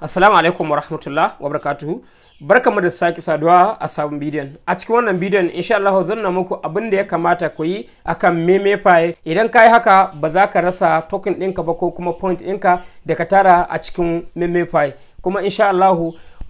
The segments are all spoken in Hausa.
assalamu alaikum wa rahmatullah wa barakatuhu barkamu da sake saduwa a sabon bidiyon a cikin wannan bidiyon insha Allah zan na muku abin da ya kamata ku yi akan meme file idan ka haka ba za ka rasa token ɗinka ba ko kuma point ɗinka da ka tara a cikin meme kuma insha Allah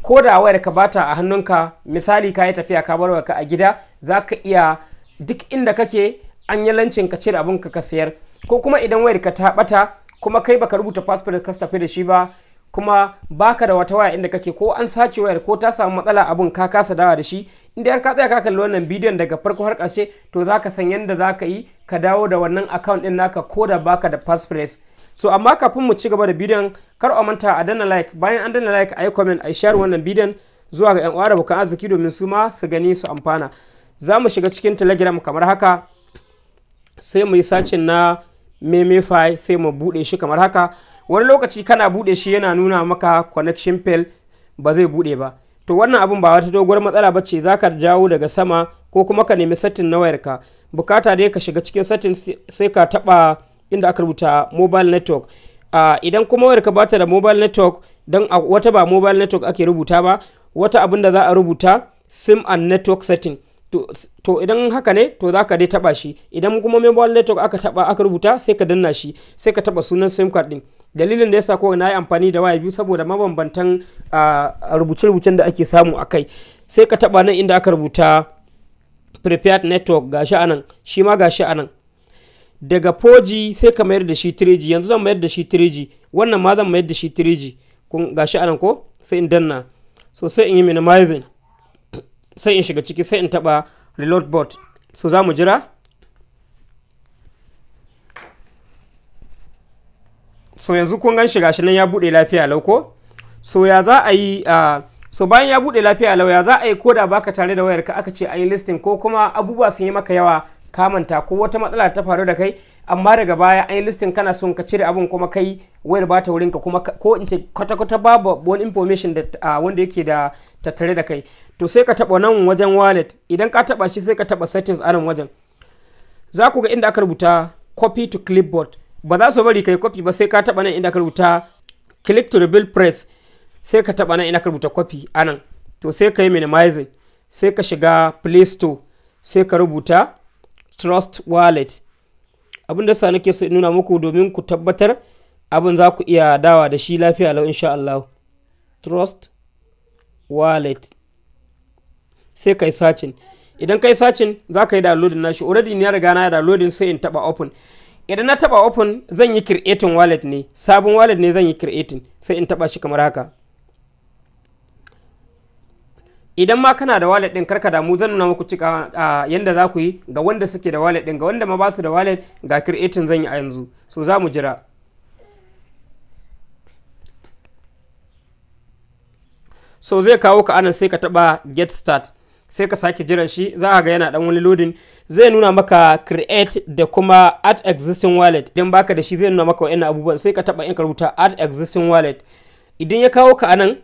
ko da wayar ka bata a hannunka misali ka yi tafiya ka bar ka a gida za ka iya duk inda kake an yi lancin ka cire abin ka ka sayar ko kuma idan wayar ka ta bata kuma kai baka rubuta passport ka tafi da shi ba kuma baka da wata waya inda kake ko an sace wayar ko ta samu matsala abun ka kasa dawa da shi inda har ka tsaya ka kalli wannan bidiyon daga farko har ƙarshe to zaka san yadda zaka yi ka dawo da wannan account din naka ko da baka da passphrase so amma kafin mu ci gaba da bidiyon kar a manta a danna like bayan an danna like ayi comment a share wannan bidiyon zuwa ga yan uwa da bukan arziki domin su ma su gani su amfana za mu shiga cikin telegram kamar haka sai mu yi sacin na meme fai sai mu bude shi kamar haka wani lokaci kana bude shi yana nuna maka connection fail ba zai bude ba to wannan abun ba wata doguwar matsala ba ce zaka jawo daga sama ko kuma ka nemi setting na wayarka bukata dai ka shiga cikin setting sai ka taba inda aka rubuta mobile network uh, idan kuma wayarka ba ta da mobile network don wata ba mobile network ake rubuta ba wata abin da za a rubuta sim and network setting to idan haka ne to za ka dai taba shi idan kuma mobile network aka taba aka rubuta sai ka danna shi sai ka taba sunan sim card din dalilin da yasa ko na yi amfani da waya biyu saboda mabambantan rubuce-rubucen da ake samu a kai sai ka taba nan inda aka rubuta prepared network gashi anan shi ma gashi anan daga 4G sai ka mayar da shi 3G yanzu zan mayar da shi 3G wannan ma zan mayar da shi 3G kun gashi anan ko sai in danna so sai in yi minimizing sai in shiga ciki sai in taba reload bot so za mu jira so yanzu kun gan shiga shi nan ya bude lafiya lau ko so ya za a yi so bayan ya bude lafiya lau ya za a yi koda baka tare da wayar ka aka ce a yi listing ko kuma abubuwa sun yi maka yawa ka manta ko wata matsala ta faru da kai amma daga baya an yi listin kana son ka cire abun kuma kai wayar ba ta wurin ka kuma ko in ce kwata kwata babu wani information da wanda yake da tattare da kai to sai ka taba nan wajen wallet idan ka taba shi sai ka taba settings a nan wajen za ku ga inda aka rubuta copy to clipboard ba za su bari kai copy ba sai ka taba nan inda aka rubuta click to rebuild press sai ka taba nan inda aka rubuta copy anan to sai ka yi minimizing sai ka shiga play store sai ka rubuta trust wallet abin da nake so nuna muku domin ku tabbatar abin za ku iya dawa da shi lafiya lau insha Allah trust wallet sai kai sacin idan kai sacin za ka yi downloading nashi already na riga na downloading sai in taba open idan na taba open zan yi creating wallet ne sabon wallet ne zan yi creating sai in taba shi kamar haka idan ma kana da wallet din karka damu zan nuna muku cika yanda za ku yi ga wanda suke da wallet din ga wanda ma ba su da wallet ga creating zan yi a yanzu so za mu jira so zai kawo ka anan sai ka taba get start sai ka sake jiran shi za ka ga yana dan wani loading zai nuna maka create da kuma add existing wallet idan baka da shi zai nuna maka wa'annan abubuwan sai ka taba in ka rubuta add existing wallet idan ya kawo ka anan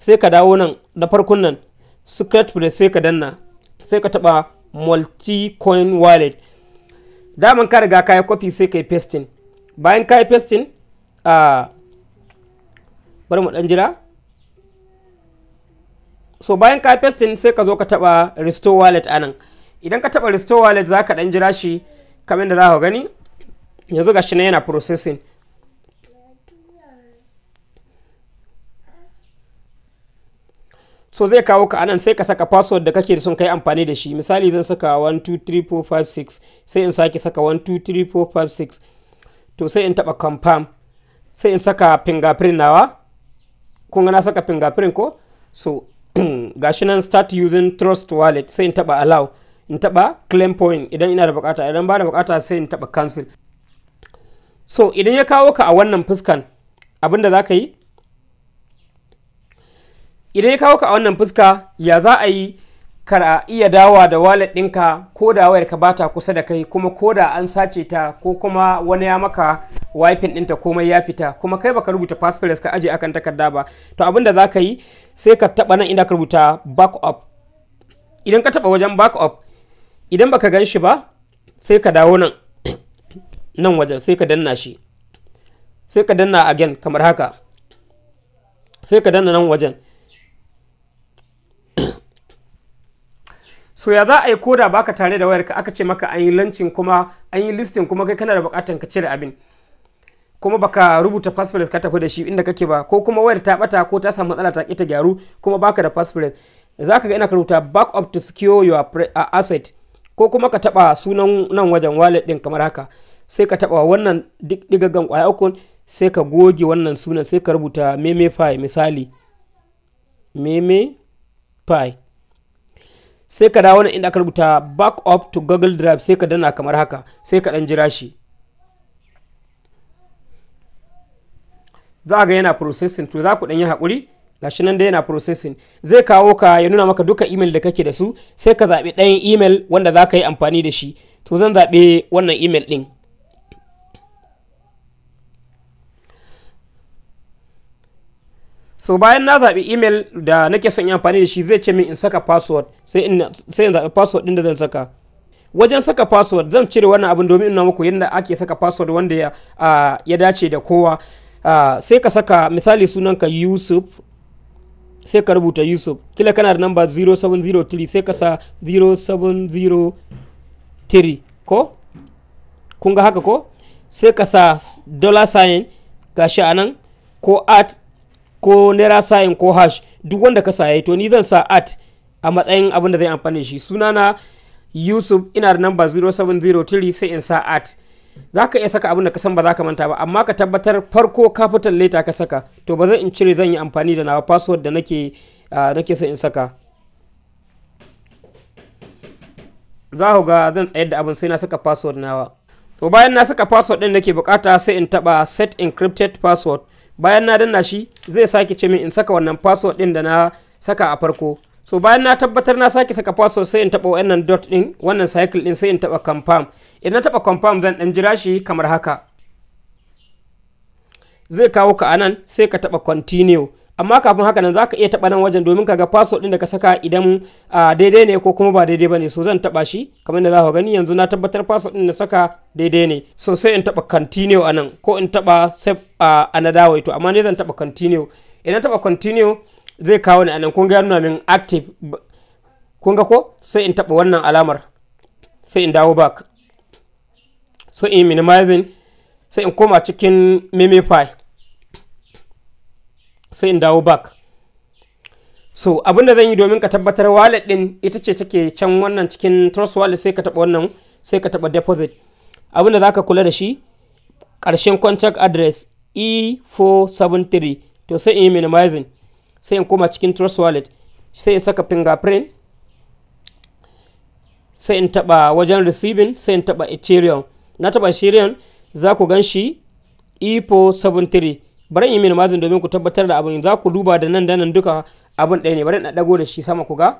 sai ka dawo nan na farkon nan secret press sai ka danna sai ka taba multi coin wallet daman ka riga ka yi copy sai ka yi pasting bayan ka yi pasting a bari mu dan jira so bayan ka yi pasting sai ka zo ka taba restore wallet anan idan ka taba restore wallet za ka dan jira shi kamar da za ka gani yanzu gashi na yana processing so zai kawo ka anan sai ka saka password da kake son kai amfani da shi misali zan saka 123456 sai in sake saka 123456 to sai in taba confirm sai in saka fingerprint nawa kun na saka fingerprint ko so gashi nan start using trust wallet sai in taba allow in taba claim point idan ina da bukata idan ba da bukata sai in taba cancel so idan ya kawo ka a wannan fuskan abinda za ka yi idan ya kawo ka a wannan fuska ya za a yi kar iya dawa da walet ɗinka ko da wayar ka bata kusa da kai kuma ko da an sace ta ko kuma wani ya maka wifin ɗinta komai ya fita kuma kai baka rubuta passport ka aje akan takarda ba to abin da za ka yi sai ka taɓa nan inda ka rubuta backup idan ka taɓa wajen backup idan baka gan shi ba sai ka dawo nan nan wajen sai ka danna shi sai ka danna again kamar haka sai ka danna nan wajen so ya za a yi koda baka tare da ka aka ce maka an yi lancin kuma an yi listin kuma kai kana da bukatan ka cire abin kuma baka rubuta passport ka tafi da shi inda kake ba ko kuma wayar ta bata ko ta samu matsala ta kita gyaru kuma baka da passport ka ga ina ka rubuta back up to secure your uh, asset ko kuma ka taba sunan nan wajen wallet din kamar haka sai ka taba wannan digaggan kwaya uku sai ka goge wannan sunan sai ka rubuta meme file misali meme file sai ka dawo nan inda aka rubuta back up to google drive sai ka dana kamar haka sai ka dan jira shi za ga yana processing to za ku dan yi hakuri gashi nan da yana processing zai kawo ka ya nuna maka duka email da kake da su sai ka zaɓi ɗayan email wanda za ka yi amfani da shi to zan zaɓi wannan email ɗin so bayan na zaɓi email da nake son yi amfani da shi zai ce min in saka password sai in zaɓi password ɗin da zan saka wajen saka password zan cire wannan abin domin ina muku yadda ake saka password wanda ya, uh, ya dace da kowa uh, sai ka saka misali sunanka yusuf sai ka rubuta yusuf kila kana da number 0703 sai ka sa 0703 ko kun ga haka ko sai ka sa dollar sign gashi a ko at ko naira sa'in ko hash duk wanda ka saye to ni zan sa at a matsayin abin da zai amfani shi sunana yusuf ina da namba 0703 sai in sa at za ka iya saka abin da ka san ba za ka manta ba amma ka tabbatar farko capital leta ka saka to ba zan in cire zan yi amfani da nawa password da nake nake in saka za ku ga zan tsayar da abin sai na saka password nawa to bayan na saka password din nake bukata sai in taba set encrypted password bayan na danna shi zai sake ce min in saka wannan password din da na saka a farko so bayan na tabbatar na sake saka password sai in taba wannan dot din wannan cycle din sai in taba confirm idan na taba confirm zan dan jira shi kamar haka zai kawo ka anan sai ka taba continue amma kafin haka nan za ka iya taɓa nan wajen domin ka ga password ɗin da ka saka idan daidai ne ko kuma ba daidai ba ne so zan taɓa shi kamar da za ku gani yanzu na tabbatar password ɗin da saka daidai ne so sai in taɓa continue anan nan ko in taɓa save a another way to amma ne zan taɓa continue idan taɓa continue zai kawo ni a nan kun ga nuna min active kun ga ko sai in taɓa wannan alamar sai in dawo back so in minimizing sai in koma cikin memify sai in dawo back so abin da zan yi domin ka tabbatar wallet din ita ce take can wannan cikin trust wallet sai ka taba wannan sai ka taba deposit abin da za kula da shi ƙarshen contact address e473 to sai in yi minimizing sai in koma cikin trust wallet sai in saka fingerprint sai in taba wajen receiving sai in taba ethereum na taba ethereum za ku gan shi e473 bari in yi mazin domin ku tabbatar da abin za ku duba da nan da nan duka abin ɗaya ne bari na ɗago da shi sama ku ga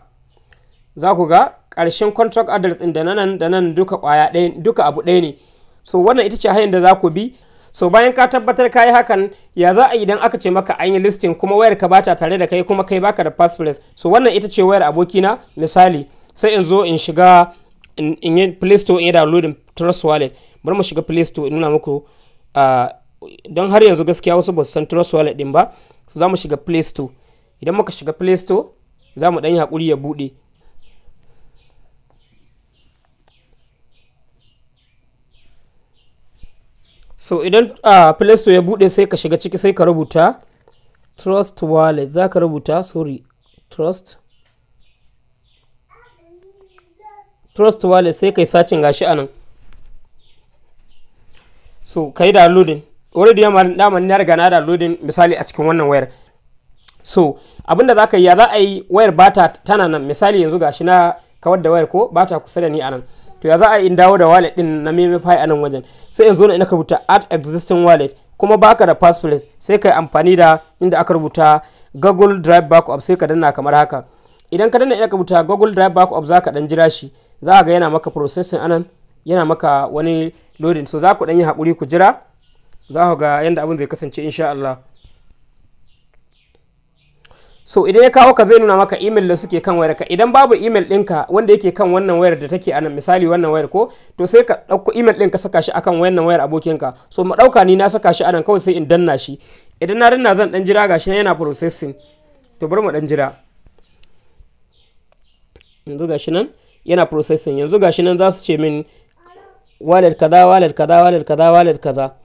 za ku ga ƙarshen contract address ɗin da nan da nan duka ƙwaya ɗaya duka abu ɗaya ne so wannan ita ce hanyar da za ku bi so bayan ka tabbatar ka yi hakan ya za a idan aka ce maka an yi listing kuma wayar ka bata tare da kai kuma kai baka da passphrase so wannan ita ce wayar na misali sai in zo in shiga in yi play store in yi downloading trust wallet bari mu shiga play store in nuna muku ah, don har yanzu gaskiya wasu ba su san trust wallet din ba su za mu shiga play store idan muka shiga play store za mu ɗan yi haƙuri ya buɗe so idan a uh, play store ya buɗe sai ka shiga ciki sai ka rubuta trust wallet za ka rubuta sorry trust trust wallet sai kai sacin gashi anan so kai da loading yamma daman ya riga na da loading misali a cikin wannan wayar so abinda za ka yi ya za a yi wayar bata tana nan misali yanzu gashi na kawar da wayar ko bata kusa da ni a to ya za a in dawo da wallet din na memify a nan wajen sai yanzu na ina ka rubuta add existing wallet kuma baka da passphrase sai ka yi amfani da inda aka rubuta google drive backup sai ka danna kamar haka idan ka danna ina ka rubuta google drive backup za ka dan jira shi za ga yana maka processing anan yana maka wani loading so za ku dan yi hakuri ku jira za ku ga yadda abin zai kasance insha Allah so idan ya kawo ka zai nuna maka email da suke kan wayarka idan babu email ɗinka wanda yake kan wannan wayar da take anan misali wannan wayar ko to sai ka ɗauko email ka saka shi akan wannan wayar abokinka so mu ɗauka ni na saka shi anan kawai sai in danna shi idan na danna zan ɗan jira gashi yana processing to bari mu ɗan jira yanzu gashi nan yana processing yanzu gashi nan za su ce min wallet kaza wallet kaza wallet kaza wallet kaza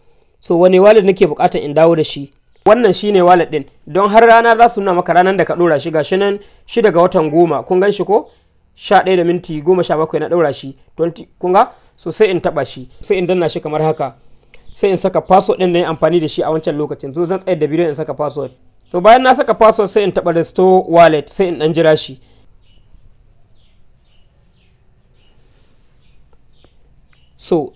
so wani wallet nake bukatan in dawo da shi wannan shine wallet din don har rana za su nuna maka ranar da ka dora shi gashi nan shi ga watan goma kun gan shi ko sha da minti goma na dora shi kun ga so sai in taba shi sai in danna shi kamar haka sai in saka password ɗin da yi amfani da shi a wancan lokacin zo zan tsayar da bidiyon in saka password to bayan na saka password sai in taba restore wallet sai in dan jira shi so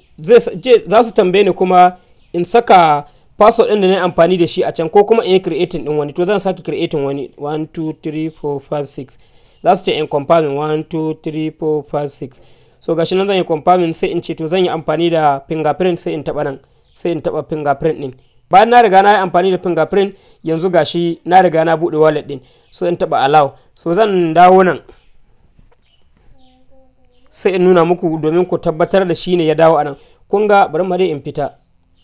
za su tambaye ni kuma in saka password ɗin da na yi amfani da shi a can ko kuma in yi creating ɗin wani to zan saki creating wani 123456 za su ce in confirming 123456 so gashi nan zan yi confirming sai in ce to zan yi amfani da fingerprint sai in taɓa nan sai in taba fingerprint ɗin bayan na riga na yi amfani da fingerprint yanzu gashi na riga na bude wallet ɗin so in taɓa allow so zan dawo nan sai in nuna muku domin ku tabbatar da shi ne ya dawo a nan kun ga bari ma dai in fita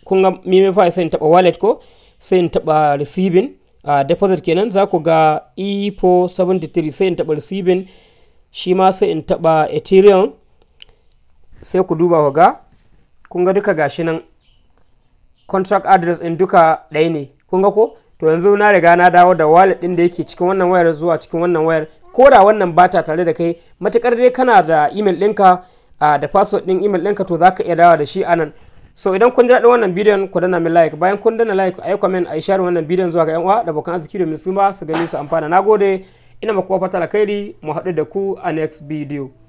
kun ga mimify sai in taba wallet ko sai in taba receiving a deposit kenan za ku ga e 73 sai in taba receiving shi ma sai in taba ethereum sai ku duba ku ga kun ga duka gashi nan contract address in duka ɗaya ne kun ga ko to yanzu na riga na dawo da wallet din da yake cikin wannan wayar zuwa cikin wannan wayar ko da wannan ba ta tare da kai matukar dai kana da email ɗinka da password ɗin email ɗinka to za ka iya dawo da shi anan so idan kun ji daɗin wannan bidiyon ku dana mi like bayan kun dana like a yi comment a yi share wannan bidiyon zuwa ga yan uwa da bakan arziki domin su ba su gani su amfana nagode ina maku fata alkhairi mu haɗu da ku a next video